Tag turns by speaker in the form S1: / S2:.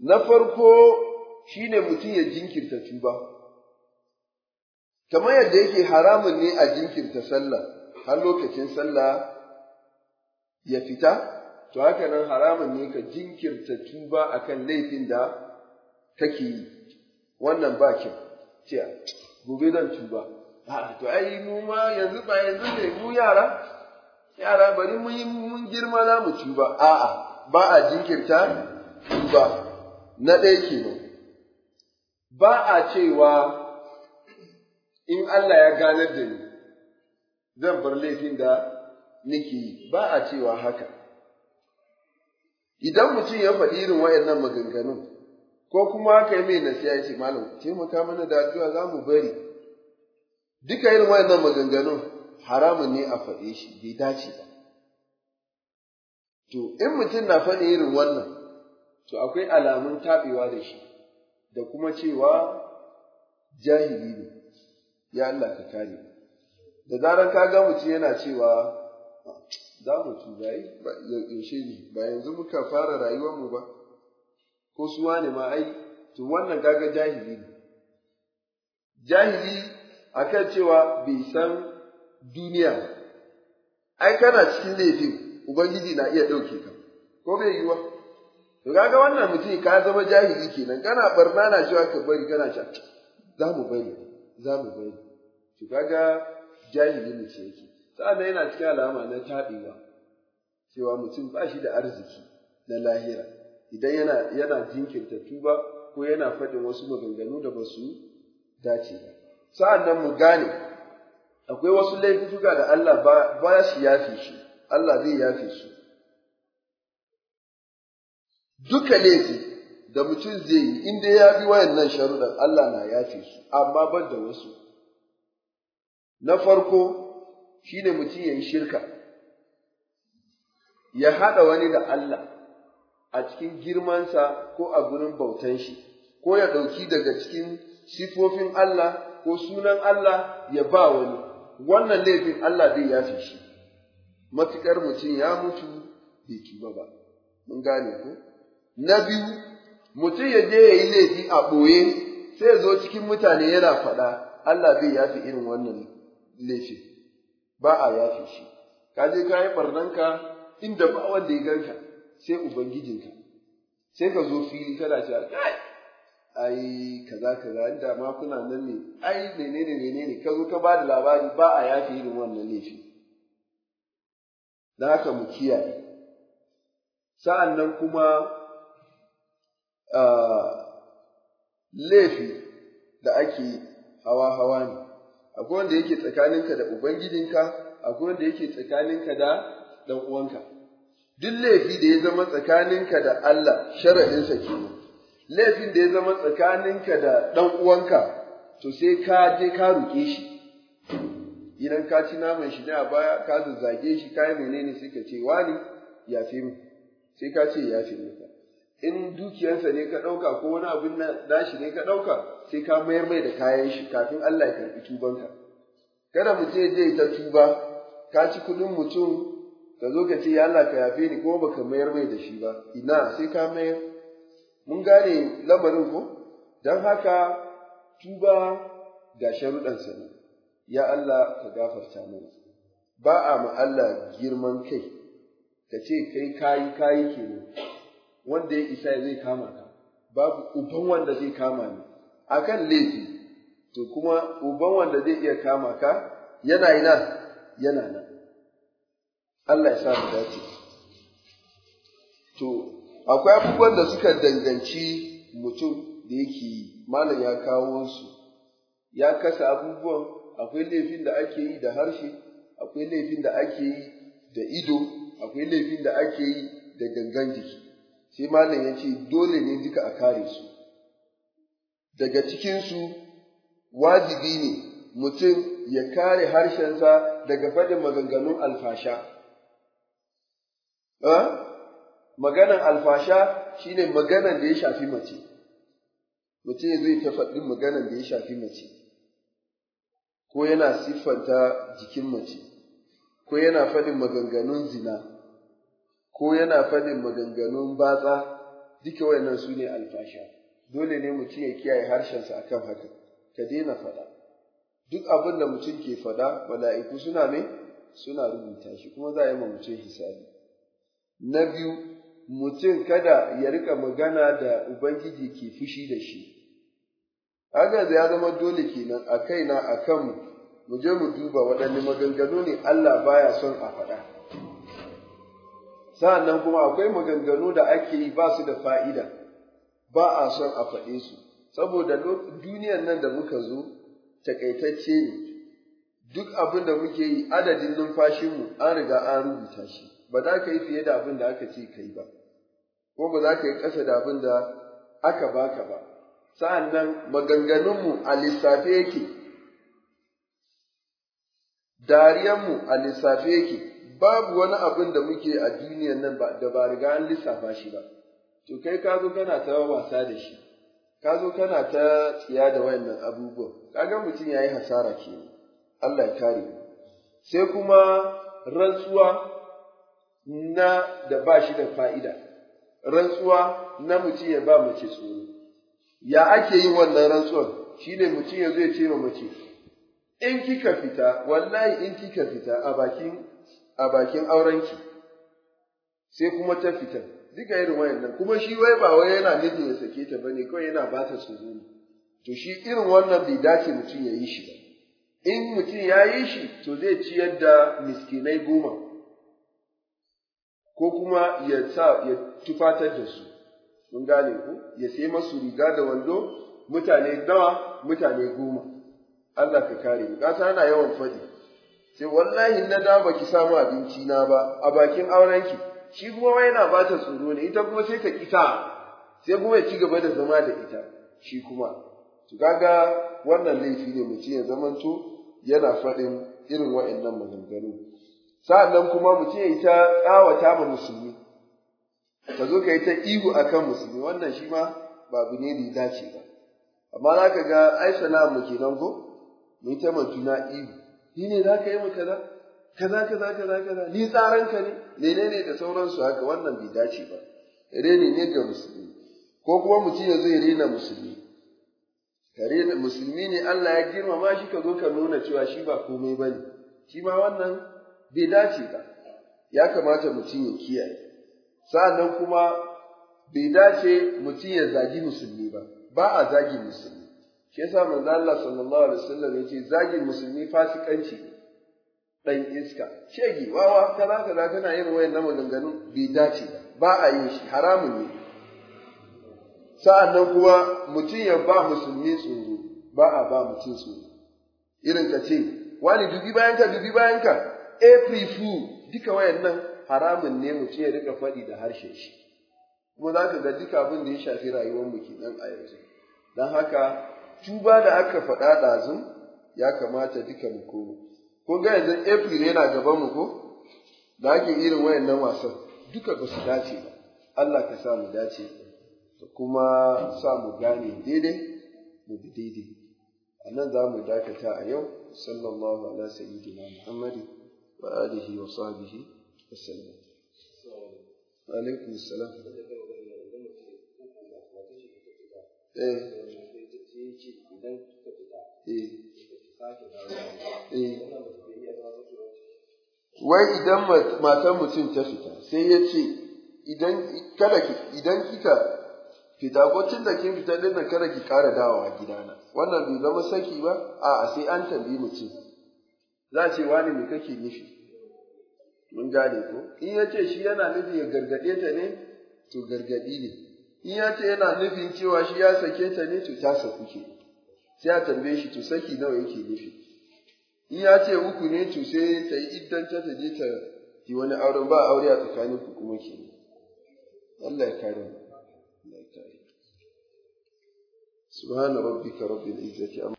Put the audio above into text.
S1: na farko shi ne mutum ya jinkirta tuba kamar yadda yake haramun ne a jinkirta sallah har lokacin sallah ya fita to haka nan haramun ne ka jinkirta tuba akan laifin da kake yi wannan ba kyau gobe zan tuba to ai mu ma yanzu ba yanzu ne mu yara yara bari mun girma za mu tuba a'a ba a jinkirta tuba na ɗaya kenan ba a cewa in Allah ya ganar da ni zan bar laifin da nake yi ba a cewa haka idan mutum ya faɗi irin wayannan maganganun ko kuma aka yi mai nasiya ya ce malam taimaka mana da addu'a za mu bari duka irin wayannan maganganun haramun ne a faɗe shi bai dace ba to in mutum na faɗi irin wannan to akwai alamun taɓewa da shi da kuma cewa jahili ne ya Allah ka kare da zarar ka ga mutum yana cewa za mu tubayi yaushe ne ba yanzu muka fara rayuwar mu ba ko suwa ne ma ai to wannan kaga jahili ne jahili akan cewa bai san duniya ai kana cikin laifin ubangiji na iya ɗauke ka ko bai yiwa to kaga wannan mutum ka zama jahili kenan kana barna na cewa ka bari kana sha za mu bari za mu bari to kaga jahili ne ce yake sa'an yana cikin alama na taɗewa cewa mutum ba shi da arziki na lahira idan yana yana jinkirta tuba ko yana faɗin wasu maganganu da ba su dace ba sa'an nan mu gane akwai wasu laifuka da Allah ba shi yafi shi Allah zai yafe shi duka laifi da mutum zai yi in dai ya bi wayan nan sharuɗan Allah na yafe su amma ban da wasu na farko shine mutum ya yi shirka ya haɗa wani da Allah a cikin girmansa ko a gurin bautan shi ko ya ɗauki daga cikin sifofin Allah ko sunan Allah ya ba wani wannan laifin Allah zai yafe shi matuƙar mutum ya mutu bai tuba ba mun gane ko na biyu mutum ya je ya yi laifi a ɓoye sai ya zo cikin mutane yana faɗa Allah bai yafi irin wannan laifi ba a yafi shi ka je ka yi ɓarnanka, inda ba wanda ya ganka sai ubangijinka sai ka zo fili kana cewa kai ai kaza kaza inda ma kuna nan ne ai menene ne, ka zo ka ba da labari ba a yafi irin wannan laifi da haka mu kiyaye sa'an nan kuma laifi da ake hawa-hawa ne, akwai wanda yake tsakaninka da Ubangijinka, akwai wanda yake tsakaninka da ɗan uwanka. Duk laifi da ya zama tsakaninka da Allah shara'insa ke, Laifin da ya zama tsakaninka da ɗan uwanka, to sai ka je ka ruke shi. Idan ka ci naman shi ne a baya, ka zazzage shi, ka yi menene sai ka ce wani yafe mu, sai ka ce yafe mu. in dukiyarsa ne ka ɗauka ko wani abin nashi ne ka ɗauka sai ka mayar mai da kayan shi kafin Allah ya karɓi tubanka kada mu ce zai ta tuba ka ci kuɗin mutum ka zo ka ce ya Allah ka yafe ni ko baka mayar mai da shi ba ina sai ka mayar mun gane lamarin ko don haka tuba ga sharuɗansa ne ya Allah ka gafarta mana ba a ma Allah girman kai ka ce kai kayi kayi kenan wanda ya isa zai kama ka babu uban wanda zai kama ni akan laifi to kuma uban wanda zai iya kama ka yana ina yana nan Allah ya sa mu dace to akwai abubuwan da suka danganci mutum da yake malam ya kawo su ya kasa abubuwan akwai laifin da ake yi da harshe akwai laifin da ake yi da ido akwai laifin da ake yi da gangan jiki sai malam ya ce dole ne duka a kare su daga cikinsu wajibi ne mutum ya kare harshensa daga faɗin maganganun alfasha maganan alfasha shine maganan da ya shafi mace mutum zai ta faɗin maganan da ya shafi mace ko yana siffanta jikin mace ko yana faɗin maganganun zina ko yana fannin maganganun batsa duka wayannan su ne alfasha dole ne mutum ya kiyaye harshensa akan haka ka daina faɗa duk abin da mutum ke faɗa mala'iku suna mai suna rubuta shi kuma za a yi ma mutum hisabi na biyu mutum kada ya rika magana da ubangiji ke fushi da shi haka ya zama dole kenan a kaina a kanmu mu je mu duba waɗanne maganganu ne Allah baya son a faɗa sa'annan kuma akwai maganganu da ake yi ba su da fa'ida ba a son a faɗe su saboda duniyan nan da muka zo takaitacce ne duk abin da muke yi adadin numfashinmu an riga an rubuta shi ba za ka yi fiye da abin da aka ce ka yi ba ko ba za ka yi ƙasa da abin da aka baka ba sa'annan maganganunmu a lissafe yake dariyanmu a lissafe yake babu wani abin da muke a duniyar nan da ba riga an lissafa shi ba to kai ka zo kana ta wasa da shi ka zo kana ta tsiya da wayannan abubuwan kaga mutum yayi hasara ke Allah ya kare sai kuma rantsuwa na da ba shi da fa'ida rantsuwa na mutum ya ba mace tsoro ya ake yin wannan rantsuwar ne mutum ya zo ya ce ma mace in kika fita wallahi in kika fita a bakin a bakin aurenki sai kuma ta fita duka irin wayannan kuma shi wai ba wai yana nufin ya sake ta bane kawai yana ba ta tsoro to shi irin wannan bai dace mutum ya yi shi ba in mutum ya yi shi to zai ciyar da miskinai goma ko kuma ya sa ya tufatar da su mun gane ku ya sai masu riga da wando mutane dawa mutane goma Allah ka kare bukata yana yawan faɗi ce wallahi na da baki samu abinci na ba a bakin aurenki shi kuma wai yana bata tsoro ne ita kuma sai ta kita sai kuma ya ci gaba da zama da ita shi kuma to kaga wannan laifi ne mutum ya zamanto yana faɗin irin wa'annan maganganu sa'annan kuma mutum ya ta tsawata ma musulmi ka zo ka yi ta ihu kan musulmi wannan shi ma ba abu ne da dace ba amma za ka ga ai sana'a mu kenan ko mu yi ta ma juna ihu ni ne za ka yi mu kaza kaza kaza kaza kaza ni tsaranka ne menene da sauransu haka wannan bai dace ba reni ne ga musulmi ko kuma mutum ya zai rena musulmi kare musulmi ne Allah ya girmama shi ka zo ka nuna cewa shi ba komai ba ne shi ma wannan bai dace ba ya kamata mutum ya kiyaye sa'annan kuma bai dace mutum ya zagi musulmi ba ba a zagi musulmi shi yasa manzo Allah sallallahu alaihi wasallam yace zagin musulmi fasikanci dan iska shegi wawa kaza kaza kana yin wayan nan maganganu bai dace ba a yin shi haramun ne sa'annan kuma mutum ya ba musulmi tsoro ba a ba mutum tsoro irin ka ce wani dubi bayan ka dubi bayan ka april eh, fool duka wayannan haramun ne mutum ya rika faɗi da harshen shi kuma za ka ga duka abin da ya shafi rayuwar mu kenan a yanzu don haka tuba da aka faɗa ɗazun, ya kamata duka mu koma ko ga yanzu april yana gaban mu ko da ake irin wayannan wasan duka ba su dace ba Allah ka sa mu dace da kuma sa mu gane daidai mu bi daidai a nan za mu dakata a yau sallallahu ala sayyidina Muhammadu wa alihi wa sahbihi wa sallam
S2: alaikum salam eh
S1: idan eh. eh. wai idan matan mutum ta fita sai ya ce idan kada ki idan kika fita ko tun da kin fita din nan kada ki ƙara dawowa gidana wannan bai zama saki ba a sai an tambi mutum za a ce wani me kake nufi mun gane ko in ya ce shi yana nufi ya gargaɗe ta ne to gargaɗi ne in ya ce yana nufin cewa shi ya sake ta ne to ta saku ke sai a tambaye shi to saki nawa yake nufi in ya ce uku ne to sai ta yi iddanta ta je ta yi wani auren ba aure a tsakanin ku kuma ke Allah ya kare mu Allah ya kare subhana rabbika rabbil izzati